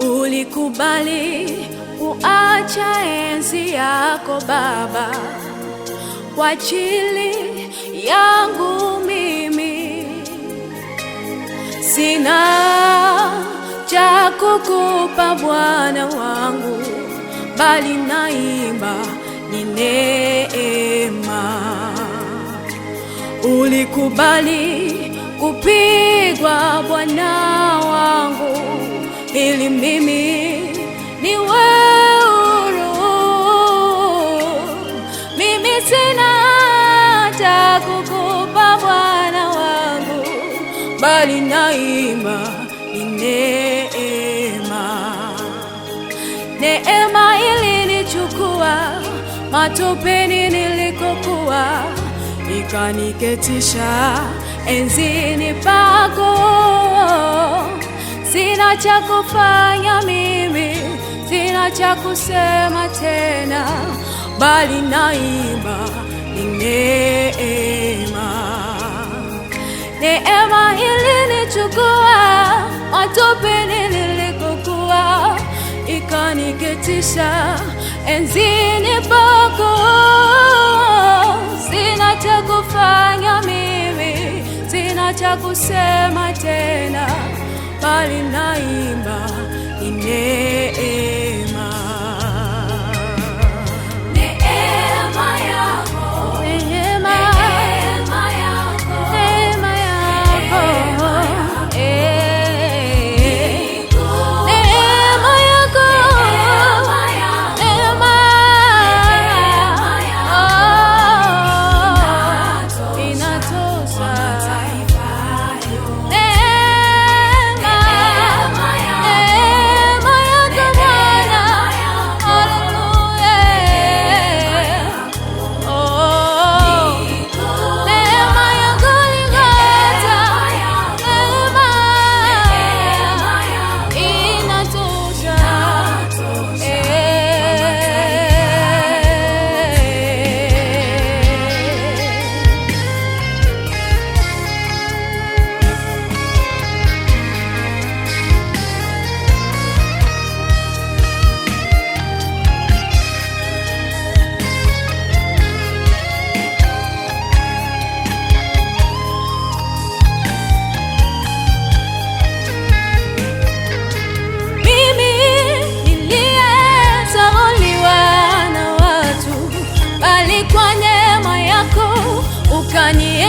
Ulikubali kuacha enzi yako Baba kwa ajili yangu mimi. Sina cha kukupa Bwana wangu, bali naimba nine Ulikubali kupigwa Bwana wangu, ili mimi niwe huru. Mimi sina hata kukupa Bwana wangu, bali naima ni neema. Neema ilinichukua matopeni nilikokuwa ikaniketisha enzini pako, sina cha kufanya mimi, sina cha kusema tena, bali naimba ni neema. Neema ilinichukua matope nilikokuwa, ikaniketisha enzini pako kusema tena, bali naimba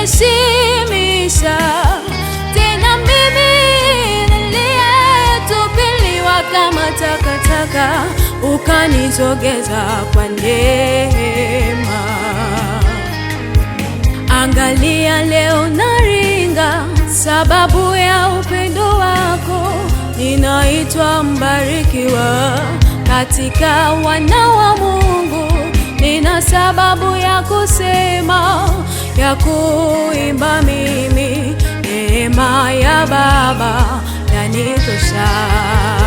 kunisimisha tena, mimi niliyetupiliwa kama takataka, ukanisogeza kwa neema. Angalia leo naringa, sababu ya upendo wako ninaitwa mbarikiwa katika wana wa Mungu nina sababu ya kusema ya kuimba mimi, neema ya Baba yanitosha.